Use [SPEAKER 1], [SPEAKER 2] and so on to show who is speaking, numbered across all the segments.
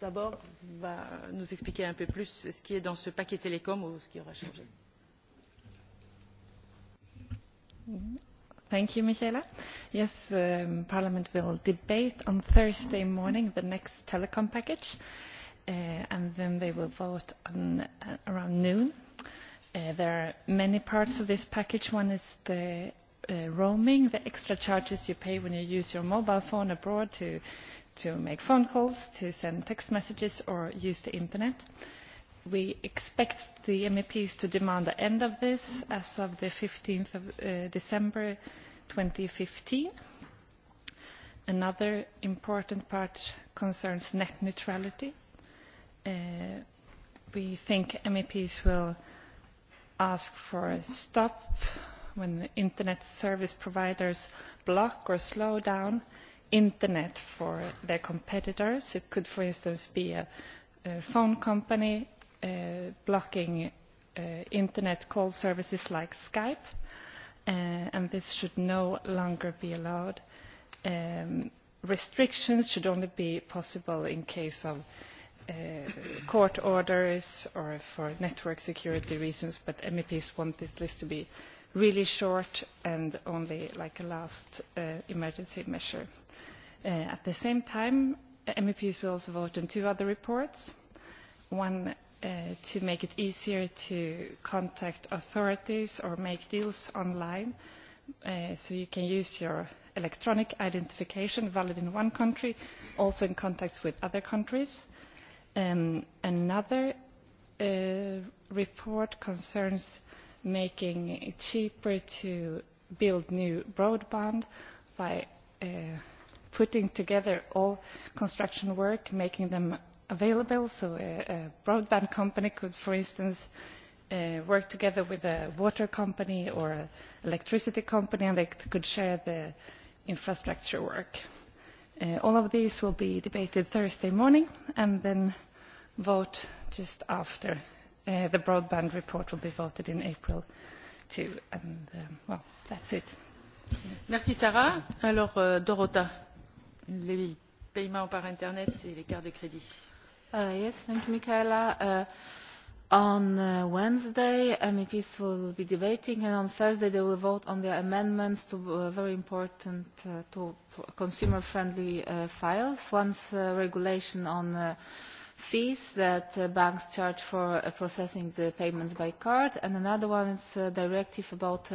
[SPEAKER 1] d'abord va nous expliquer un peu plus ce qui est dans ce paquet télécom ou ce qui aura changé.
[SPEAKER 2] Thank you, Michaela. Yes, um, Parliament will debate on Thursday morning the next telecom package, uh, and then they will vote on, uh, around noon. Uh, there are many parts of this package. One is the uh, roaming, the extra charges you pay when you use your mobile phone abroad to to make phone calls, to send text messages or use the internet. We expect the MEPs to demand the end of this as of the 15th of uh, December 2015. Another important part concerns net neutrality. Uh, we think MEPs will ask for a stop when internet service providers block or slow down internet for their competitors. It could, for instance, be a, phone company blocking internet call services like Skype, and this should no longer be allowed. restrictions should only be possible in case of court orders or for network security reasons, but MEPs want this list to be really short and only like a last emergency measure at the same time, MEPs will also vote on two other reports. One to make it easier to contact authorities or make deals online. so you can use your electronic identification valid in one country, also in contacts with other countries. another report concerns making it cheaper to build new broadband by putting together all construction work, making them available. So a, a broadband company could, for instance, uh, work together with a water company or an electricity company and they could share the infrastructure work. Uh, all of these will be debated Thursday morning and then vote just after. Uh, the broadband report will be voted in April too. And
[SPEAKER 3] um, well, that's it.
[SPEAKER 1] Merci Sarah. Alors Dorota les paiements par internet et les cartes de crédit.
[SPEAKER 3] yes, thank you, Michaela. on Wednesday, MEPs will be debating, and on Thursday they will vote on the amendments to uh, very important to consumer-friendly uh files. One's uh, regulation on fees that banks charge for processing the payments by card, and another one is a directive about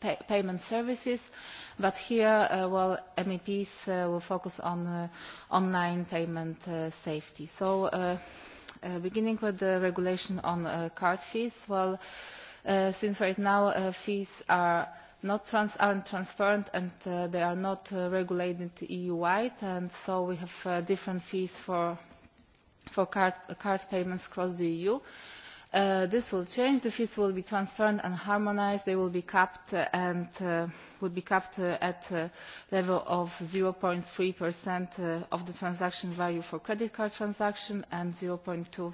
[SPEAKER 3] payment services but here meps will focus on online payment safety. so beginning with the regulation on card fees well since right now fees are not transparent and they are not regulated eu wide and so we have different fees for card payments across the eu this will change. The fees will be transparent and harmonised. They will be capped and uh, be capped at a level of zero uh, of the transaction value for credit card transaction and zero two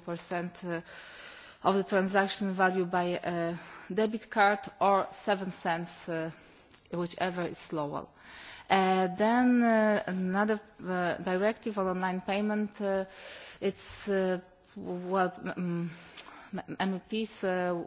[SPEAKER 3] of the transaction value by uh, debit card or seven cents, whichever is lower. then another uh, directive on online payment, uh, it's uh, well, meps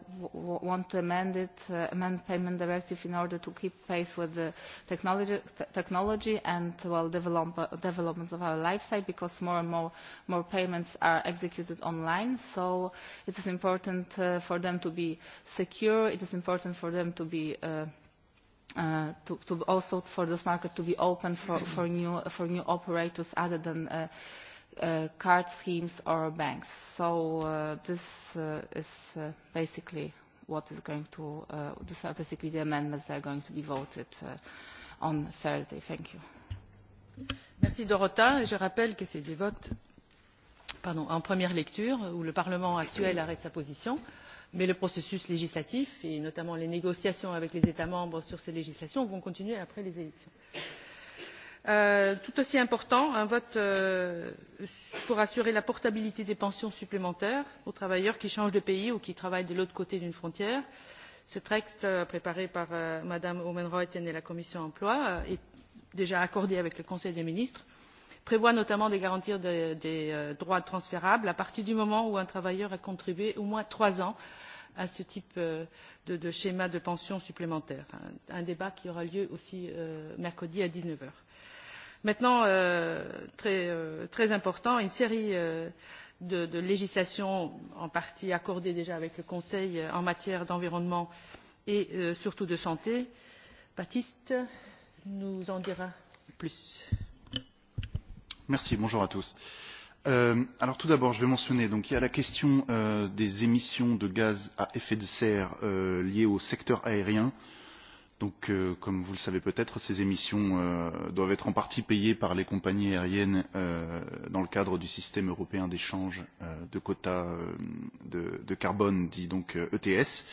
[SPEAKER 3] want to amend it amend the payment directive in order to keep pace with the technology and developments of our lifestyle because more and more payments are executed online so it is important for them to be secure it is important for them to be to, to also for this market to be open for, for, new, for new operators other than uh, card schemes or banks. So uh, this uh, is uh, basically what is going to, uh, these are basically
[SPEAKER 1] the amendments that are going to be voted uh, on Thursday. Thank you. Merci Dorota. Et je rappelle que c'est des votes pardon, en première lecture où le Parlement actuel arrête sa position, mais le processus législatif et notamment les négociations avec les États membres sur ces législations vont continuer après les élections tout aussi important un vote pour assurer la portabilité des pensions supplémentaires aux travailleurs qui changent de pays ou qui travaillent de l'autre côté d'une frontière. ce texte préparé par mme oomen ruijten et la commission de l'emploi et déjà accordé avec le conseil des ministres prévoit notamment de garantir des droits transférables à partir du moment où un travailleur a contribué au moins trois ans à ce type de schéma de pension supplémentaire un débat qui aura lieu aussi mercredi à dix neuf heures maintenant très important une série de législations en partie accordées déjà avec le conseil en matière d'environnement et surtout de santé. baptiste nous en dira
[SPEAKER 4] plus. bonjour à tous. alors tout d'abord, je vais mentionner donc il y a la question des émissions de gaz à effet de serre liées au secteur aérien. Euh, Donc, euh, comme vous le savez peut-être, ces émissions euh, doivent être en partie payées par les compagnies aériennes euh, dans le cadre du système européen d'échange euh, de quotas euh, de, de carbone, dit donc euh, ETS.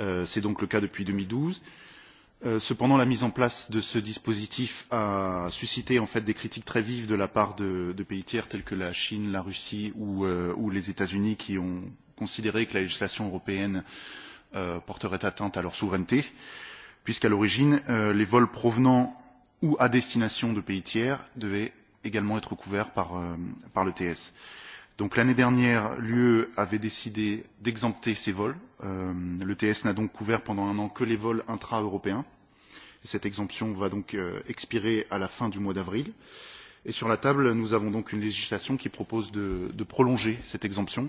[SPEAKER 4] Euh, C'est donc le cas depuis 2012. douze. cependant, la mise en place de ce dispositif a suscité en fait des critiques très vives de la part de, de pays tiers tels que la Chine, la Russie ou, euh, ou les États-Unis, qui ont considéré que la législation européenne euh, porterait atteinte à leur souveraineté. Euh, puisqu'à l'origine, les vols provenant ou à destination de pays tiers devaient également être couverts par, par le TS. Donc l'année dernière, l'UE avait décidé d'exempter ces vols. Euh, L'ETS n'a donc couvert pendant un an que les vols intra-européens. Cette exemption va donc euh, expirer à la fin du mois d'avril. Et sur la table, nous avons donc une législation qui propose de, de prolonger cette exemption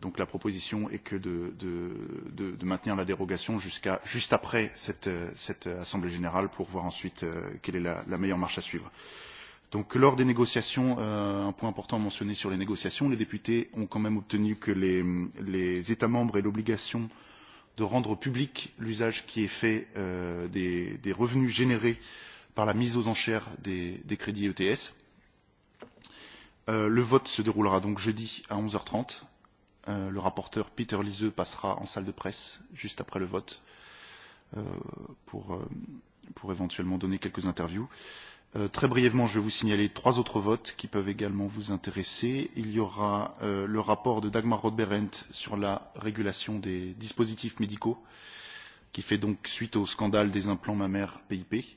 [SPEAKER 4] Donc la proposition est que de, de, de, de maintenir la dérogation jusqu'à juste après cette, cette assemblée générale pour voir ensuite euh, quelle est la, la meilleure marche à suivre. Donc lors des négociations, euh, un point important mentionné sur les négociations, les députés ont quand même obtenu que les, les États membres aient l'obligation de rendre public l'usage qui est fait euh, des, des revenus générés par la mise aux enchères des, des crédits ETS. Euh, le vote se déroulera donc jeudi à 11h30 le rapporteur Peter Liseux passera en salle de presse juste après le vote pour, pour éventuellement donner quelques interviews. Euh, très brièvement, je vais vous signaler trois autres votes qui peuvent également vous intéresser. Il y aura euh, le rapport de Dagmar Rodberent sur la régulation des dispositifs médicaux, qui fait donc suite au scandale des implants mammaires PIP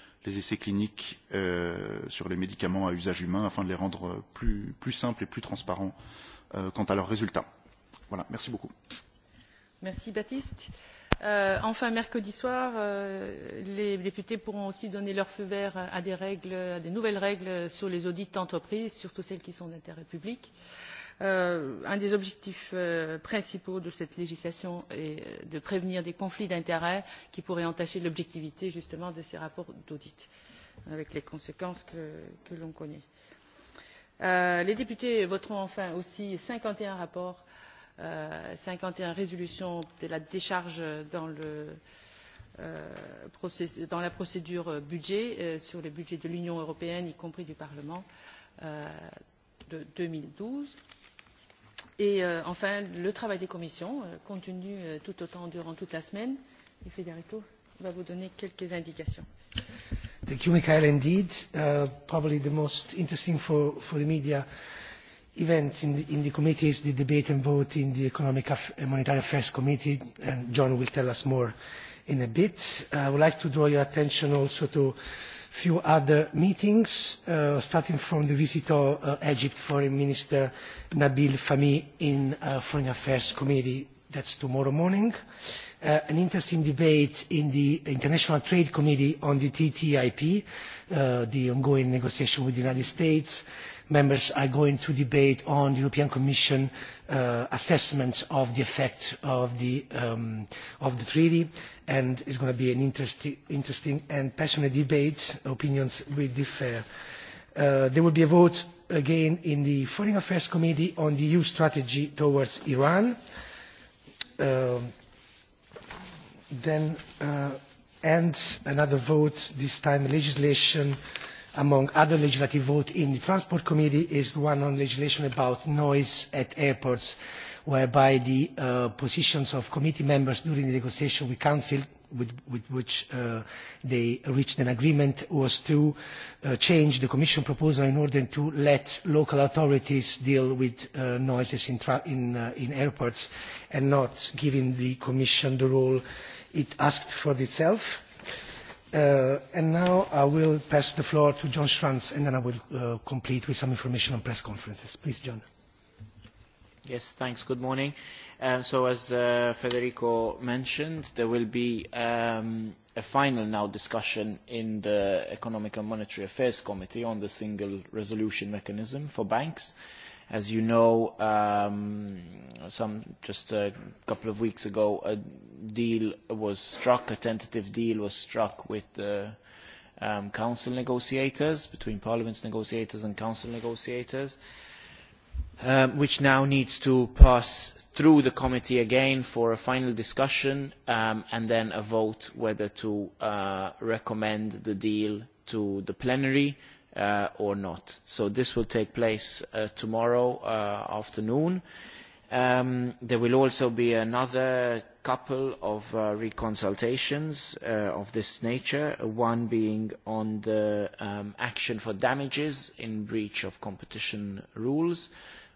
[SPEAKER 4] les essais cliniques euh, sur les médicaments à usage humain afin de les rendre plus, plus simples et plus transparents euh, quant à leurs résultats. Voilà, merci beaucoup.
[SPEAKER 1] Merci Baptiste. Euh, enfin, mercredi soir, euh, les députés pourront aussi donner leur feu vert à des, règles, à des nouvelles règles sur les audits d'entreprise, surtout celles qui sont d'intérêt public. Euh, un des objectifs principaux de cette législation est de prévenir des conflits d'intérêts qui pourraient entacher l'objectivité justement de ces rapports d'audit avec les conséquences que l'on connaît. les députés voteront enfin aussi cinquante et un rapports cinquante et un résolutions de la décharge dans la procédure budget sur le budget de l'union européenne y compris du parlement de deux mille douze et enfin le travail des commissions continue tout autant durant toute la semaine et federico va vous donner quelques indications.
[SPEAKER 5] Thank you, Michael. Indeed, uh, probably the most interesting for, for the media event in the, in the committee is the debate and vote in the Economic and Monetary Affairs Committee, and John will tell us more in a bit. Uh, I would like to draw your attention also to few other meetings, uh, starting from the visit of uh, Egypt Foreign Minister Nabil Fahmy in uh, Foreign Affairs Committee. That's tomorrow morning. Uh, an interesting debate in the International Trade Committee on the TTIP, uh, the ongoing negotiation with the United States members are going to debate on the European Commission assessment of the effect of the, treaty and it's going to be an interesting and passionate debate. Opinions will differ. there will be a vote again in the Foreign Affairs Committee on the EU strategy towards Iran. then, and another vote, this time legislation among other legislative votes in the Transport Committee is the one on legislation about noise at airports, whereby the uh, positions of committee members during the negotiation with Council with, with which uh, they reached an agreement was to uh, change the Commission proposal in order to let local authorities deal with uh, noises in, tra in, uh, in airports and not giving the Commission the role it asked for itself and now I will pass the floor to John Schranz, and then I will uh, complete with some information on press conferences. Please, John.
[SPEAKER 6] Yes, thanks. Good morning. Uh, so as uh, Federico mentioned, there will be um, a final now discussion in the Economic and Monetary Affairs Committee on the single resolution mechanism for banks. As you know, um, some just a couple of weeks ago, a deal was struck, a tentative deal was struck with the um, council negotiators, between parliament's negotiators and council negotiators, um, which now needs to pass through the committee again for a final discussion um, and then a vote whether to uh, recommend the deal to the plenary uh, or not. So this will take place uh, tomorrow uh, afternoon. Um, there will also be another couple of uh, reconsultations uh, of this nature, one being on the um, action for damages in breach of competition rules,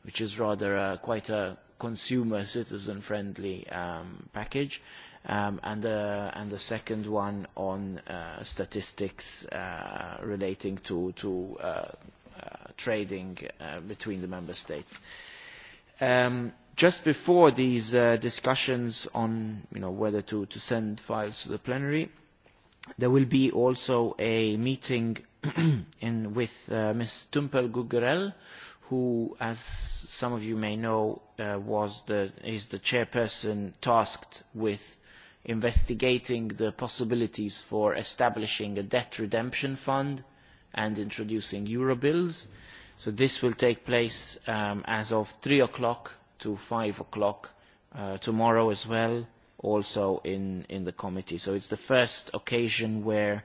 [SPEAKER 6] which is rather quite a consumer citizen friendly um, package, Um, and, the, and the second one on uh, statistics uh, relating to, to uh, uh, trading uh, between the member states. Um, just before these uh, discussions on you know, whether to, to send files to the plenary, there will be also a meeting in, with uh, Ms. Tumpel Guggerel, who, as some of you may know, uh, was the, is the chairperson tasked with investigating the possibilities for establishing a debt redemption fund and introducing Eurobills. So this will take place um, as of 3 o'clock to 5 o'clock uh, tomorrow as well, also in, in the committee. So it's the first occasion where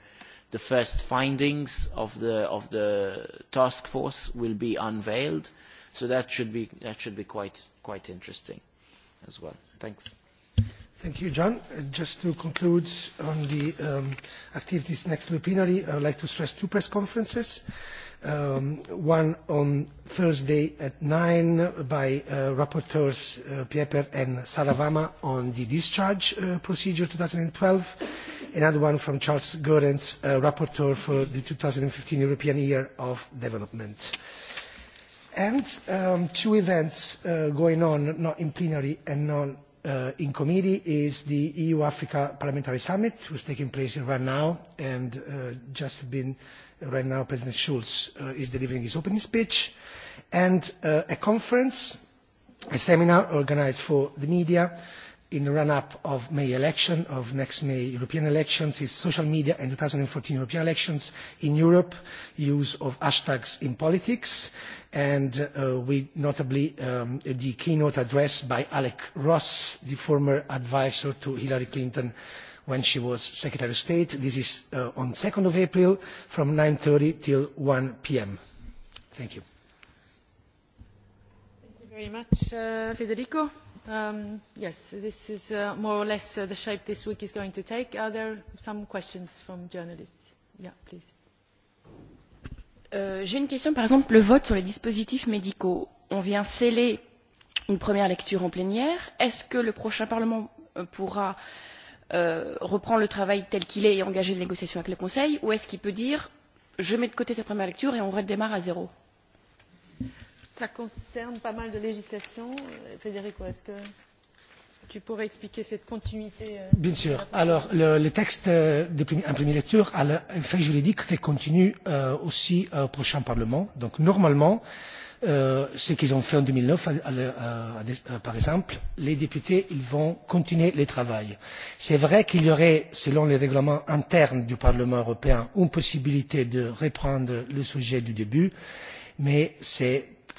[SPEAKER 6] the first findings of the, of the task force will be unveiled. So that should be, that should be quite, quite interesting as well. Thanks.
[SPEAKER 5] Thank you, John. Just to conclude on the um, activities next to the plenary, I would like to stress two press conferences. Um, one on Thursday at 9 by uh, rapporteurs uh, Pieper and Saravama on the discharge uh, procedure 2012. Another one from Charles Goerens, uh, rapporteur for the 2015 European Year of Development and um, two events uh, going on, not in plenary and not in committee is the EU Africa Parliamentary Summit, which is taking place right now, and uh, just been right now President Schulz uh, is delivering his opening speech, and uh, a conference, a seminar organised for the media in the run-up of May election, of next May European elections, is social media and 2014 European elections in Europe, use of hashtags in politics, and uh, we notably um, the keynote address by Alec Ross, the former advisor to Hillary Clinton when she was Secretary of State. This is uh, on 2nd of April from 9.30 till 1 p.m. Thank you.
[SPEAKER 1] Thank you very much, uh, Federico yes this is more or less the shape this week is going to take. are there some questions from journalists?
[SPEAKER 3] j'ai une question par exemple le vote sur les dispositifs médicaux on vient sceller une première lecture en plénière est ce que le prochain parlement pourra reprendre le travail tel qu'il est et engager les négociations avec le conseil ou est ce qu'il peut dire je mets de côté cette première lecture et on redémarre à zéro?
[SPEAKER 1] Cela concerne pas mal de législations. Federico, est-ce que tu pourrais expliquer cette continuité Bien
[SPEAKER 5] sûr. Alors, le, le texte en première lecture a un effet juridique qui continue aussi au prochain Parlement. Donc, normalement, ce qu'ils ont fait en deux mille neuf par exemple les députés vont continuer le travail. c'est vrai qu'il y aurait selon les règlements internes du parlement européen une possibilité de reprendre le sujet du début mais c'est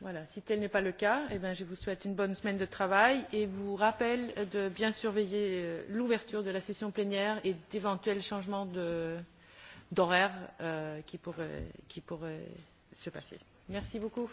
[SPEAKER 1] Voilà, si tel n'est pas le cas, je vous souhaite une bonne semaine de travail et vous rappelle de bien surveiller l'ouverture de la session plénière et d'éventuels changements d'horaire qui pourraient se passer. Merci beaucoup.